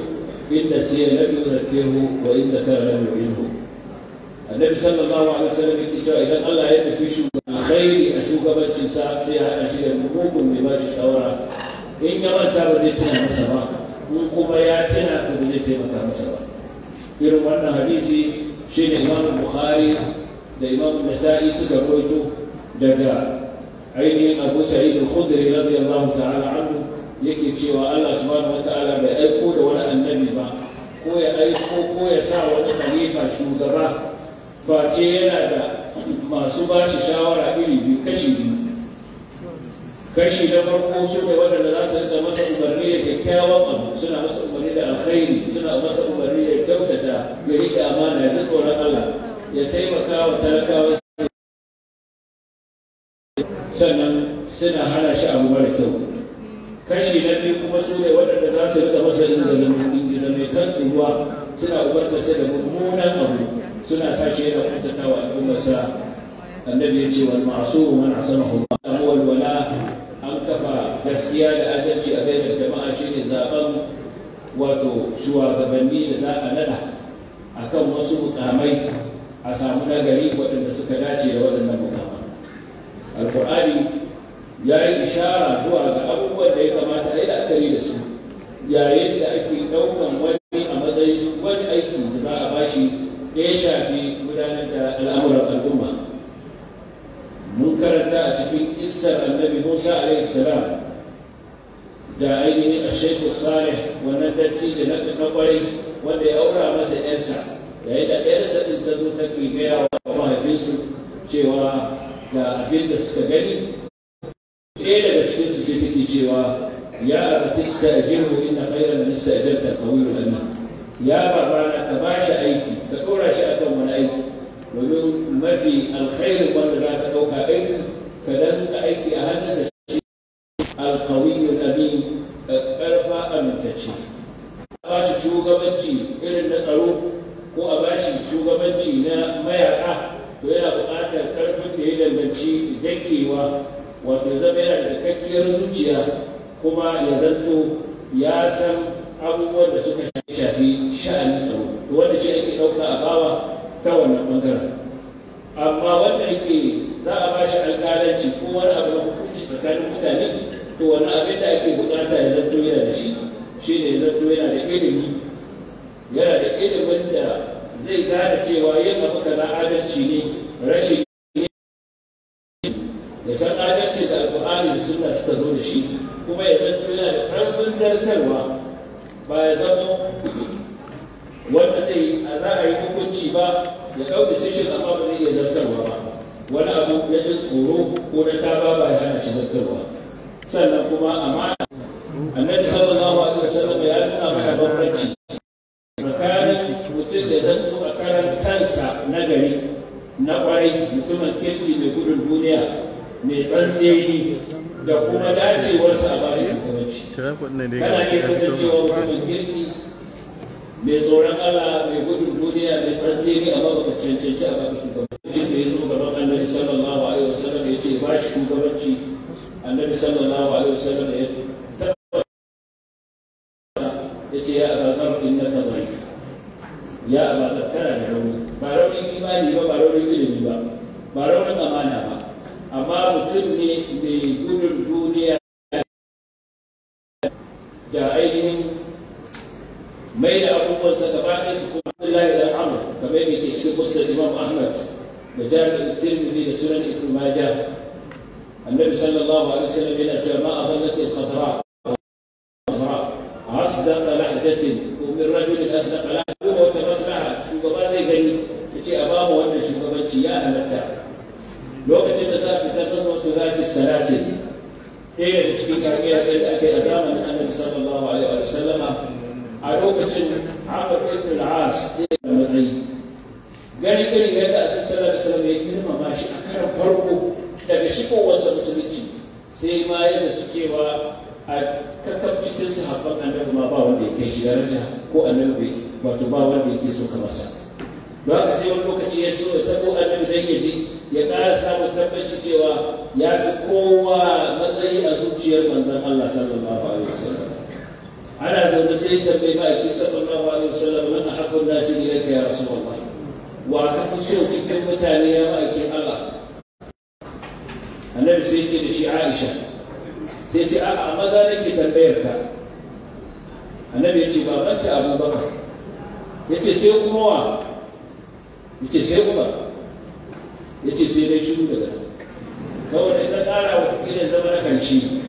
إن نسي لم يذكره وإن ذكر لم يعينه النبي صلى الله عليه وسلم اتجاه إذا الله لا في شو الخير أشوك بنتي ساعات سيها أشياء ممكن بماشي شوارع إن يمن تابتنا مسرا من قبياتنا تبتنا مسرا في وانا حديثي شيء إمام البخاري الإمام النسائي سكرويته daga ainihin abu sa'id al-khudri radiyallahu ta'ala anhu yake cewa Allah subhanahu wata'ala bai aiko da wani annabi ba ko ya aiko ko ya sa wani khalifa shugaba face yana da masu ba shi shawara iri biyu kashi biyu kashi na farko su ne waɗanda za su rika masa umarni da kyakkyawan abu suna masa umarni da alkhairi suna masa umarni da kyautata ya riƙe amana ya tsoron Allah ya taimaka wa talakawa sannan suna hana shi abu mara kyau kashi na biyu kuma su ne waɗanda za su rika masa kan ruwa suna sai da mummunan abu suna sa shi yana kuntata wa al'ummarsa annabi ya ce wal masu man sama Allah wal wala an kafa gaskiya da adalci a bayan jama'a shi ne zaben wato shugabanni da za a nada akan wasu mukamai a samu nagari waɗanda suka dace da waɗannan mukamai alkur'ani ya yi ishara zuwa ga abubuwan da ya kamata a yi la'akari da su yayin da ake ɗaukan wani a matsayin wani aiki da za a bashi ya shafi gudanar da al'amuran al'umma mun karanta a cikin kissar annabi musa alaihi salam da ainihin a shekhu salih wannan dattijo na kwarai wanda ya aura masa 'yansa yayin da 'yarsa ɗin ta zo take gaya wa mahaifinsu cewa da abin da suka gani ɗaya daga cikin su sai take cewa ya abatista ajiru inna khayra man idan tawilul amin ya babana ka ba shi aiki ka ɗora shi akan wani aiki domin mafi alkhairin wanda za ka ɗauka aiki ka danka aiki a hannunsa shi alkawiyun amin ƙarfa amintacce a ba shi shugabanci irin na tsaro ko a ba shi shugabanci na mayaka ko yana buƙatar ƙarfa da yi dandanci dakewa wato zama yana da kakkiyar zuciya kuma ya zanto ya san abubuwan da suka shafi sha'anin tsaro wanda shi ake ɗauka a bawa ta wannan bangaren amma wanda yake za a ba shi alƙalanci ko wani abu na hukunci tsakanin mutane to wani abin da ake buƙata ya zanto yana da shi shi ne ya zanto yana da ilimi yana da ilimin da zai gane cewa yin abu kaza adalci ne rashin ya san adalci da alƙur'ani da sunna suka zo da shi kuma ya zanto yana da ƙarfin zartarwa ba ya zama wanda zai a za a yi hukunci ba ya ɗau decision amma ba zai iya zartarwa ba wani abu na jin tsoro ko na taba ba ya hana shi zartarwa sannan kuma amana annabi sallallahu alaihi wasallam ya nuna mana bambanci tsakanin mutum da zanto a karan kansa na gari na ƙwarai mutumin kirki mai gudun duniya mai tsantseni da kuma dacewarsa a bashi shugabanci kana ne kasancewa mutumin girki mai tsoron Allah mai gudun duniya mai tsantseni amma baka cancanci a baka shugabanci da ya zo gaban annabi sallallahu alaihi wasallam ya ce ba shi shugabanci annabi sallallahu alaihi wasallam ya ya ce ya abatar innaka dhaif ya abatar kana da rauni ba raunin imani ba ba raunin ilimi ba ba raunin amana mutum ne mai gudun duniya da ainihin mai da abubuwansa gaba ɗaya su kuma Abdullahi dan Amr kamar yadda ke cikin Musnad Imam Ahmad da Jami'in Tirmidhi da Sunan Ibn Majah النبي صلى الله عليه وسلم إلى ما أظلت الخضراء أصدق لحدة ومن رجل أصدق لحدة وتمسلها شو قبل ذي قال شي أباه وأنا شو قبل شي يا أهل التعب ɗaya da cikin ƙarƙiyar da a zamanin annabi sallallahu sallama a lokacin amr ibn al matsayi gani irin yadda annabi ya girmama shi a karan farko daga musulunci sai ma ya zaci cewa a kakaf cikin sahabban ba wanda ya kai ko wato ba wanda yake so kamar sa don haka sai wani lokaci ya so ya tabo annabi dan ya ji ya ƙara samun tabbaci cewa ya fi kowa matsayi a zuciyar manzan Allah sallallahu alaihi wasallam ana zaune sai da bai ba ki sallallahu alaihi wasallam man ahabbun nasi ilayka ya rasulullah wa ka fi so cikin mutane ya ma'aikin Allah annabi sai ce da shi Aisha sai ce a'a maza nake tambayar ka annabi ya ce ba babanta Abubakar ya ce sai kuma wa ya ce sai Umar ya ce sai dai shiru daga nan da ita kara wa ƙila zama na ƙarshe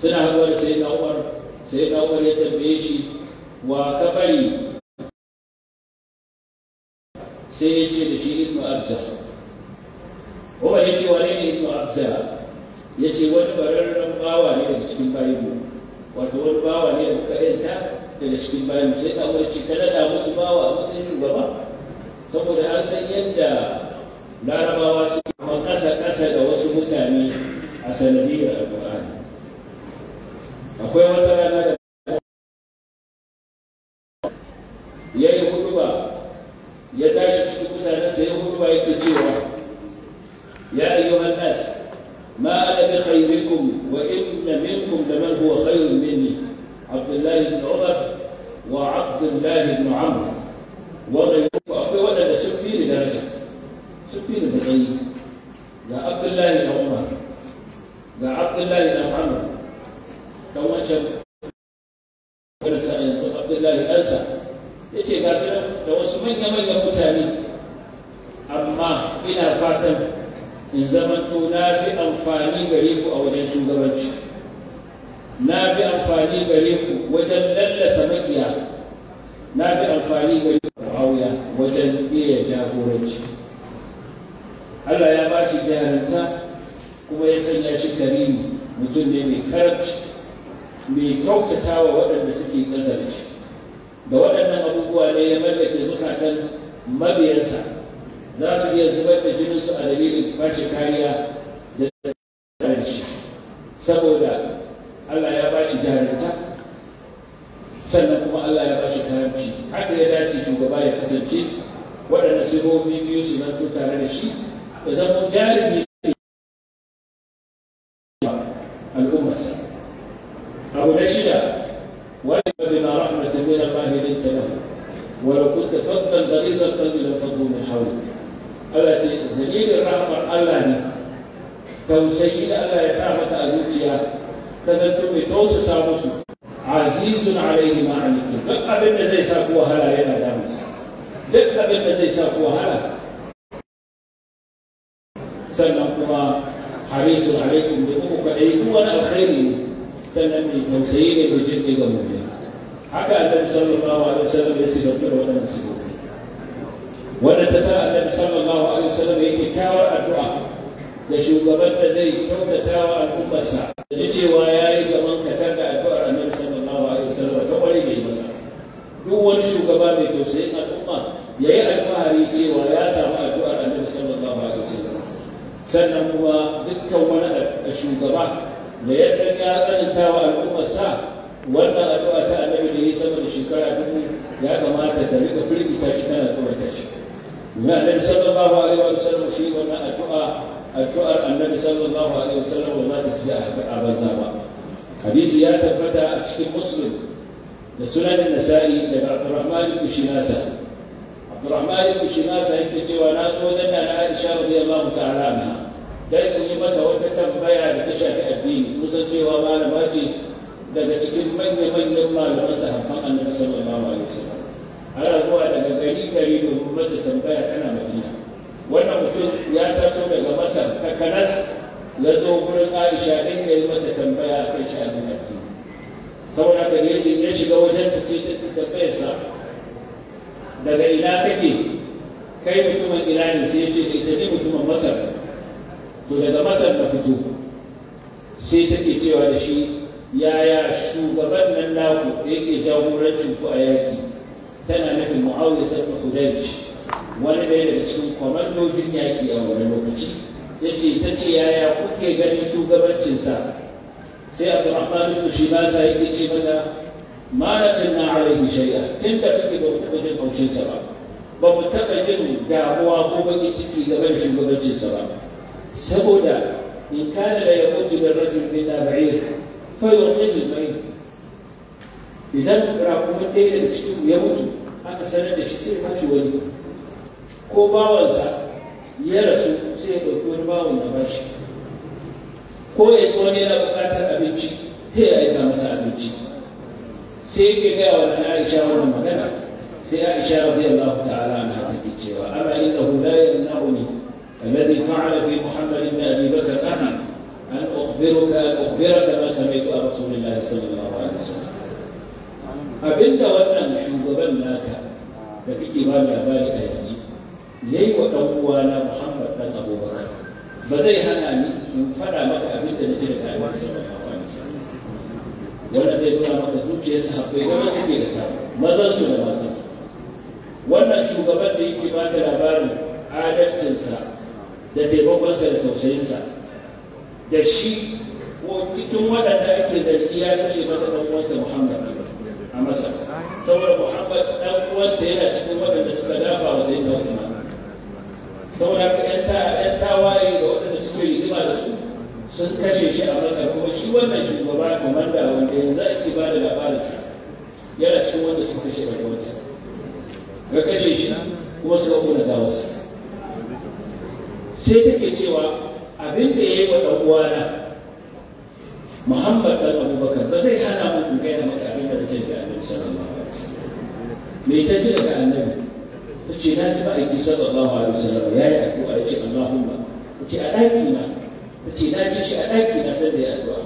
suna haɗuwar sai ɗan'uwar sai ɗan'uwar ya tambaye shi wa kabari. sai ya ce da shi ibnu abza kuma ya ce wani ne ibnu abza ya ce wani bararren bawa ne daga cikin bayibu wato wani bawa ne da muka daga cikin bayibu sai ɗan'uwar ce ta da musu bawa a matsayin shugaba saboda an san yadda larabawa su kuma ƙasa-ƙasa da wasu mutane a sanadiyar alƙur'ani akwai wata تسير معه انت ولو كنت فظا غليظ القلب لفضوا من حولك الا جميل الرحمه الا هنا تو سيد الا يسامك ازوجيا تذكر بتوس ساموس عزيز عليه ما عليك بقى بين زي سافو هلا يا دامس بقى بين زي سافو هلا سلمكما حريص عليكم بأمك أيدونا الخير تو توسيني بجد قومك haka annabi sallallahu alaihi wasallam ya sifantar wannan sifofi wanda ta sa annabi sallallahu alaihi wasallam ya yi kyakkyawar addu'a da shugaban da zai kyautata wa al'ummarsa da ji cewa ya yi gaban katar da addu'ar annabi sallallahu alaihi wasallam ta kware mai masa duk wani shugaba mai tausayin al'umma ya yi alfahari cewa ya samu addu'ar annabi sallallahu alaihi wasallam sannan kuma dukkan wani shugaba da ya san ya karanta wa al'ummarsa wannan addu'ar. yi sama da shekara dubu ya kamata ta rika firgita shi tana tsorata shi domin annabi sallallahu alaihi wa sallam shi wannan addu'a addu'ar annabi sallallahu alaihi wa ba ta tsaya a banza ba hadisi ya tabbata a cikin muslim da sunan nasa'i daga abdurrahman ibn shinasa abdurrahman ibn shinasa yake cewa na zo wajen na aisha radiyallahu ta'ala anha dai in yi mata wata tambaya da ta shafi addini kusan cewa malama ce daga cikin manya-manyan malaman sahabban annabi sallallahu alaihi wasallam ana zuwa daga gari gari domin mace tambaya tana madina wannan mutum ya taso daga masar ta kanas ya zo gurin aisha ɗin ya yi mata tambaya a kan sha'anin addini saboda haka ne ya shiga wajen ta sai ta tambaya sa daga ina kake kai mutumin ina ne sai ya ce eh, ita ne mutumin masar to daga masar na fito sai take cewa da shi yaya shugaban nan naku da yake jagorancin ku a yaki tana nufin mu'awiyar ta wani ɗaya daga cikin kwamandojin yaki a wani lokaci ya ce ta ce yaya kuke ganin shugabancinsa sai abdurrahman ibn shibasa yake ce mana ma na alaihi shari'a tun da kake ba ku taɓa jin haushinsa ba ba mu taɓa jin damuwa ko baƙin ciki gaban shugabancinsa ba saboda in kana da ya mutu da rajul bin naba'ir fayon hajjin mai idan raƙumin ɗaya daga cikin ya mutu aka sanar da shi sai fashi wani ko bawansa ya rasu sai ya ɗauki wani bawan da bashi ko ya ci wani yana buƙatar abinci sai ya aika masa abinci sai yake gaya wa na aisha wannan magana sai aisha radiyallahu ta'ala na take cewa ana innahu la yanahuni alladhi fa'ala fi muhammadin ibn abi bakr akhi أن أخبرك أن أخبرك ما سمعت عن رسول الله صلى الله عليه وسلم wannan shugaban naka da kake ba labari a yanzu ya yi wa ɗan uwana muhammad ɗan abubakar ba zai hana ni in faɗa maka abinda na ji da taiwan sallallahu alaihi wasallam wanda zai nuna maka zuciyar sahabbai wanda take da ta mazan su da matan wannan shugaban da yake ba ta labarin adalcinsa da taimakonsa da tausayinsa da shi cikin waɗanda ake zargi ya kashe mata ɗan uwanta Muhammad a Masar saboda Muhammad ɗan uwanta yana cikin waɗanda suka dafa wa sai dauki ma. saboda haka ‘yan tawaye da waɗanda suke rigima da su sun kashe shi a Masar kuma shi wannan shugaba komanda wanda yanzu ake ba da sa yana cikin wanda suka kashe ɗan uwanta ga kashe shi kuma suka kuna gawarsa sai take cewa abin da ya yi wa ɗan uwana muhammad ɗan abubakar ba zai hana mu in gaya maka abin da nake da annabi sallallahu alaihi wasallam me ta ji daga annabi ta ce na ji ma'aiki sallallahu alaihi wasallam ya yi addu'a ya ce allahumma ta ce a ɗaki na ta ce na ji shi a ɗaki na sai da ya addu'a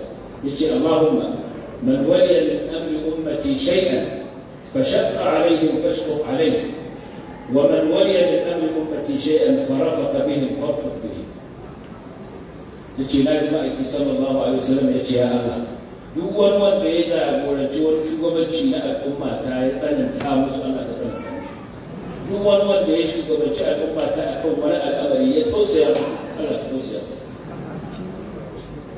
ya ce allahumma man waliya min amri ummati shay'an فشق عليهم فاشقق عليه ومن ولي من امر امتي شيئا فرفق بهم فارفق به ta ce na ji ma'aiki sallallahu alaihi wasallam ya ce ya Allah duk wani wanda ya jagoranci wani shugabanci na al'umma ta ya tsananta musu Allah ka tsananta duk wani wanda ya shugabanci al'umma ta akan wani al'amari ya tausaya musu Allah ka tausaya musu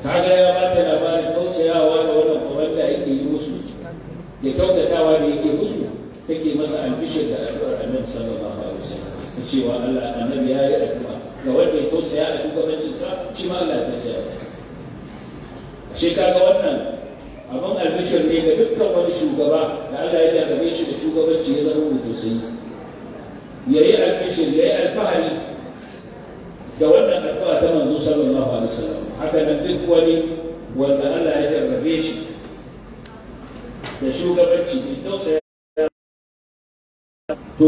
kaga ya bata labarin tausayawa da wannan kwaron da ake yi musu da kyautatawa da yake musu take masa da annabi sallallahu alaihi wasallam ta cewa Allah annabi ya yi gawar wanda tausaya a shugabancinsa shi ma Allah ya tausaya masa ashe kaga wannan abin albishir ne ga dukkan wani shugaba da Allah ya jagabe shi da shugabanci ya zama mai tausayi ya yi albishir ya yi alfahari da wannan addu'a ta manzo sallallahu alaihi wasallam haka nan duk wani wanda Allah ya jagabe shi da shugabanci ya tausaya to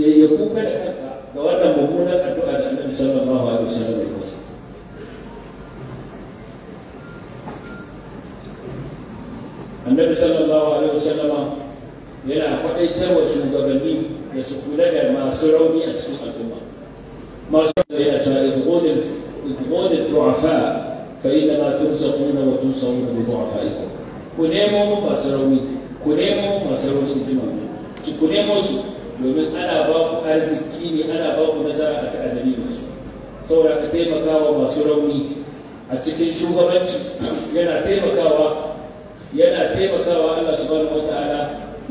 ya kuka da kansa ga wannan mummunan addu'a da annabi sallallahu alaihi wasallam ya kusa annabi sallallahu alaihi wasallama yana faɗaitar wa shugabanni da su kula da masu rauni a cikin al'umma masu rauni yana cewa ibodin du'afa fa inna ma turzaquna wa tunsawuna bi du'afaikum ku nemo masu rauni ku nemo masu rauni in ji ku nemo su domin ana ba ku arziki ne ana ba ku nasara a sa'a da su saboda ka taimakawa masu rauni a cikin shugabanci yana taimakawa yana taimakawa Allah subhanahu wataala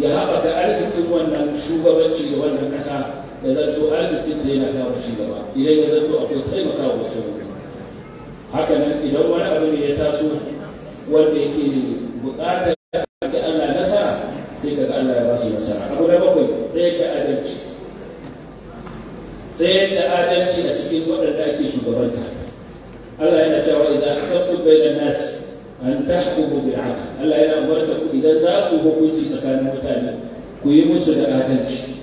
ya haɓaka arzikin wannan shugabanci da wannan ƙasa da zanto arzikin zai na kawo shi gaba idan ya zanto akwai taimakawa wasu haka nan idan wani abu ne ya taso wanda yake buƙatar sai da adalci a cikin waɗanda ake shugabanta Allah yana cewa idan hakamtum bainan nas an tahkumu bil adl Allah yana umarta ku idan za ku hukunci tsakanin mutane ku yi musu da adalci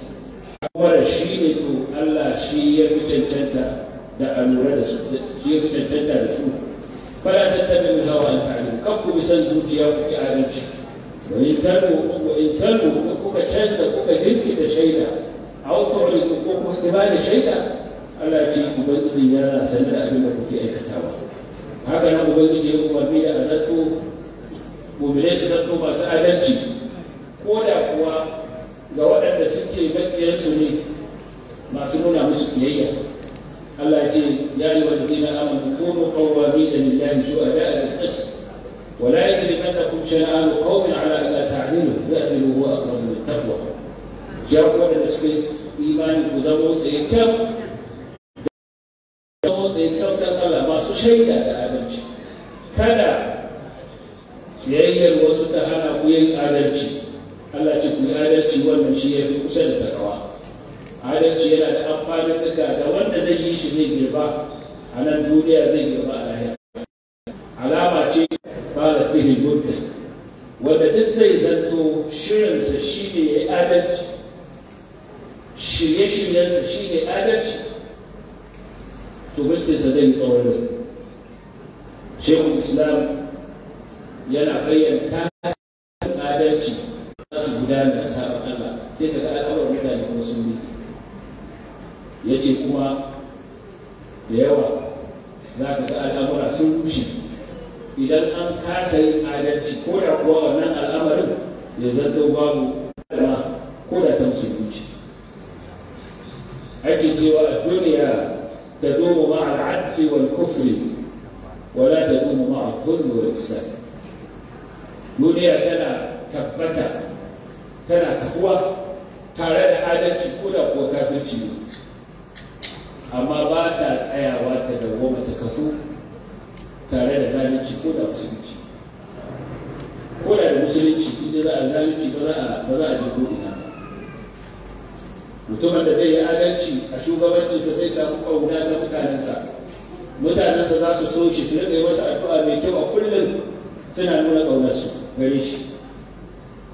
kuma da shi ne to Allah shi ya fi cancanta da alura da su shi ya fi cancanta da su fala tattabi min hawa an ta'lamu kan ku bisan zuciya ku ki adalci wa in tanu wa in tanu kuka canza kuka jinkita shaida auka bai ko kuma ya ba da shaida Allah ce ubangiji yana sanar da abin da kuke aikatawa haka nan ubangiji ya umarni da azatto mu'minai su zanto masu adalci ko da kuwa ga waɗanda suke maƙiyansu ne masu nuna musu kiyayya Allah ce ya yi wani dina amanu kunu qawwami da lillahi shuhada da qist ولا يجرمنكم شنآن قوم على ألا تعدلوا يعدلوا هو أقرب للتقوى جاءوا الناس imani ku zama tsaye kyau da zama tsaye kyau da Allah masu shaida da adalci kada yayyar wasu ta hana ku yin adalci Allah ce ku yi adalci wannan shi ya fi kusa da takawa adalci yana da amfanin duka da wanda zai yi shi zai girba a nan duniya zai girba a alama ce ba da wanda duk zai zanto shirinsa shi ne ya yi adalci shirye-shiryensa shi ne adalci to mulkinsa zai yi tsawon rai islam yana bayyana tasirin adalci za su gudana sabon allah sai ka ga al'amuran mutane kuma sun bi ya ce kuma da yawa za ka ga al'amura sun rushe idan an kasa yin adalci ko da kuwa wannan al'amarin ya zanto babu ake cewa duniya ta domo ma al'adli wal kufri wala ta domo ma al-zulmi wal duniya tana tabbata tana tafuwa tare da adalci ko da kuwa kafirci ne amma ba ta tsayawa ta dawwama ta tare da zalunci ko da musulunci ko da musulunci zalunci ba mutumin da zai yi adalci a shugabancinsa zai samu ƙauna ta mutanensa mutanensa za su so shi su riƙa yi masa addu'a mai kyau a kullum suna nuna ƙaunarsu gare shi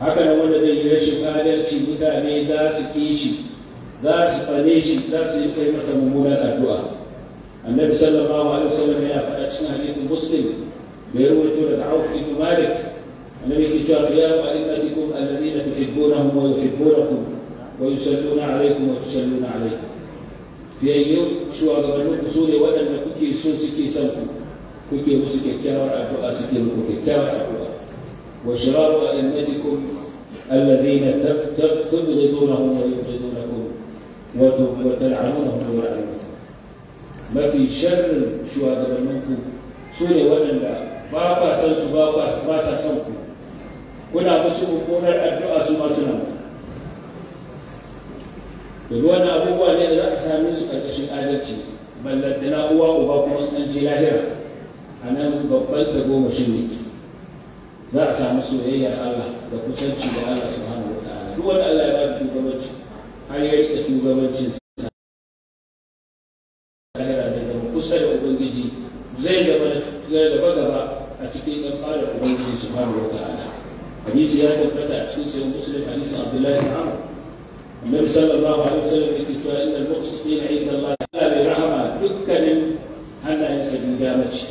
haka nan wanda zai yi rashin adalci mutane za su ki shi za su fane shi za su yi kai masa mummunar addu'a annabi sallallahu alaihi wasallam yana faɗa cikin hadisin muslim mai rubutu daga auf ibn malik annabi ke cewa ya ma'aikatikum alladhina tuhibbunahum wa yuhibbunakum ويسلون عليكم وتسلون عليكم في أي يوم شو أغلب نوك سوري وانا ما كنتي سون سكي سنكم كنتي موسك الكرار أبو أسكي آه، موك الكرار أبو آه. وشرار أئمتكم الذين تبغضونهم ويبغضونكم وتلعنونهم ويلعنونكم ما في شر شو أغلب نوك سوري وانا ما بابا سنسو بابا سنسو كنا بسوء كنا أدعو أسوء آه، ما سنسو domin wani abubuwa ne da za a same su ƙarƙashin adalci na uwa uba kuma an ji lahira a nan babban tagoma shi ne za a samu soyayyar Allah da kusanci da Allah subhanahu wa ta'ala duk wani Allah ya ba shi shugabanci har ya rike shugabancin sa lahira zai zama kusa da ubangiji zai zama gaba gaba a cikin ɗan fara ubangiji subhanahu wa ta'ala hadisi ya tabbata a cikin sayan muslim hadisin abdullahi amr النبي صلى الله عليه وسلم يقول فإن المقسطين عند الله لا برحمة دكنا هلا يسجد قامتش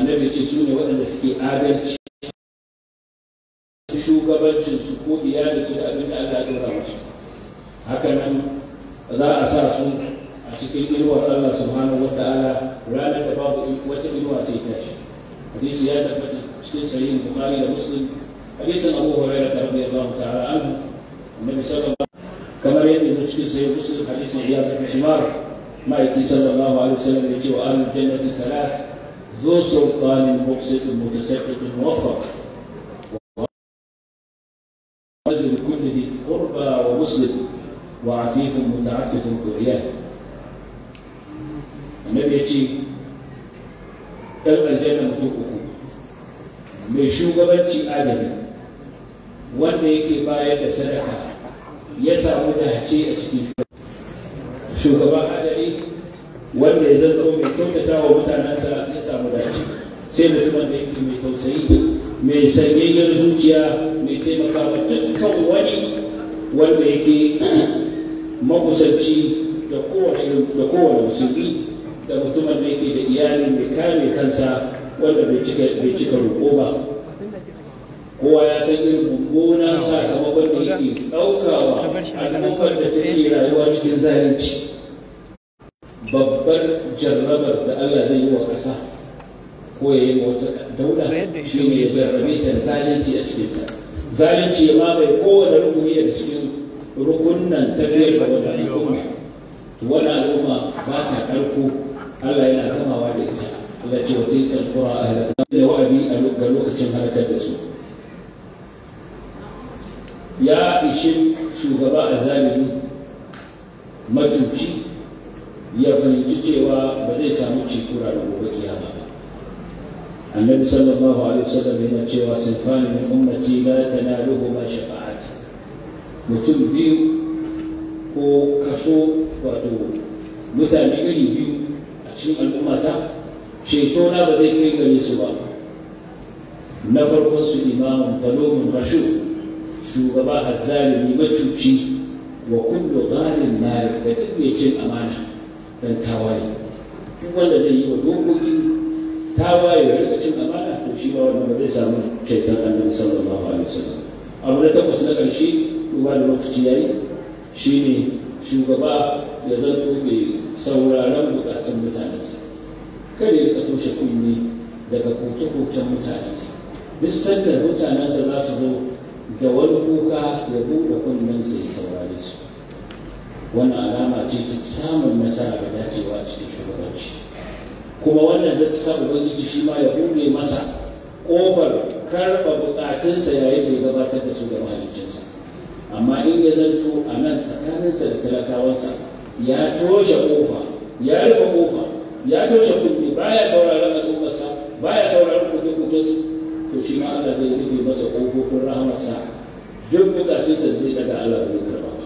النبي تشوفون وأنا نسكي آدل تشو قبل تشوفوا إيانا سيدا من أداء الرمش هكذا من ذا أساس أشكي إلوى الله سبحانه وتعالى رانا لبعض إلوى إلوى سيتاش حديث يادة مثل شكي سيد البخاري لمسلم حديث أبو هريرة رضي الله تعالى عنه النبي صلى الله كما يريد تشكي سيد مسلم حديث عياض بن حمار ما يأتي صلى الله عليه وسلم يجي وأهل الجنة ثلاث ذو سلطان مبسط متسبب موفق وقدر كل ذي قربى ومسلم وعفيف متعفف ذو عيال النبي يجي ɗan الجنة mutum uku mai shugabanci adali wanda yake bayar ya samu dace a cikin shugaban adali wanda ya zanto mai kyautata wa mutanensa ya samu dace sai mutumin da yake mai tausayi mai sanyayyar zuciya mai taimakawa dukkan wani wanda yake makusanci da kowane musulmi da mutumin da yake da iyali mai kame kansa wanda bai cika roƙo ba kowa ya san irin mummunan sakamakon da yake ɗaukawa al'ummar da take rayuwa cikin zalunci babbar jarrabar da Allah zai yi wa ƙasa ko ya yi wata daula shi ne jarrabe ta zalunci a cikin ta zalunci ya mamaye kowane rukuni a cikin rukunan tafiyar da ya al'umma wani al'umma ba ta karko Allah yana kamawa da ita Allah ce wa tilkan a ahlan da wa'adi a lokacin harkar da su ya ishi shugaba a zalimi matuci ya fahimci cewa ba zai samu cikura da gobe kiyama ba annabi sallallahu alaihi wasallam yana cewa sinfani min ummati la tanaluhu ma shafa'ati mutum biyu ko kaso wato mutane iri biyu a cikin al'ummata ceto na ba zai kai gare su ba na farkon su imamun falomin rashu shugaba azzalimi macuci wa kullu zalim malik da duk mai cin amana dan tawaye duk wanda zai yi wa dokoki tawaye ya rika cin amana to shi ba wanda zai samu shaitan annabi sallallahu alaihi wasallam abu na takwas na karshe duba da lokaci yayi shine shugaba ya zanto mai sauraron bukatun mutanensa kada ya rika toshe kunne daga koke-koken mutanensa duk sanda mutanensa za su zo da wani kuka ya buɗe kunnen sai saurare su wannan alama ce ta samun nasara da dacewa cikin shugabanci kuma wannan zai sa ubangiji shi ma ya buɗe masa ƙofar karɓa buƙatunsa yayin da ya gabatar da su da mahaliccinsa amma in ya zanto a nan tsakaninsa da talakawansa ya toshe ƙofa ya rufe ƙofa ya toshe kunne baya sauraron al'ummarsa baya sauraron kuke-kukensu to shi ma Allah zai rufe masa ƙofofin rahamarsa duk bukatunsa zai daga Allah zai karɓa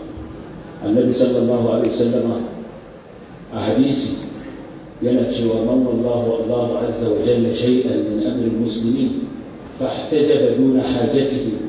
annabi sallallahu alaihi wasallama a hadisi yana cewa man wallahu Allahu azza wa jalla shay'an min amri muslimin fahtajaba duna hajatihi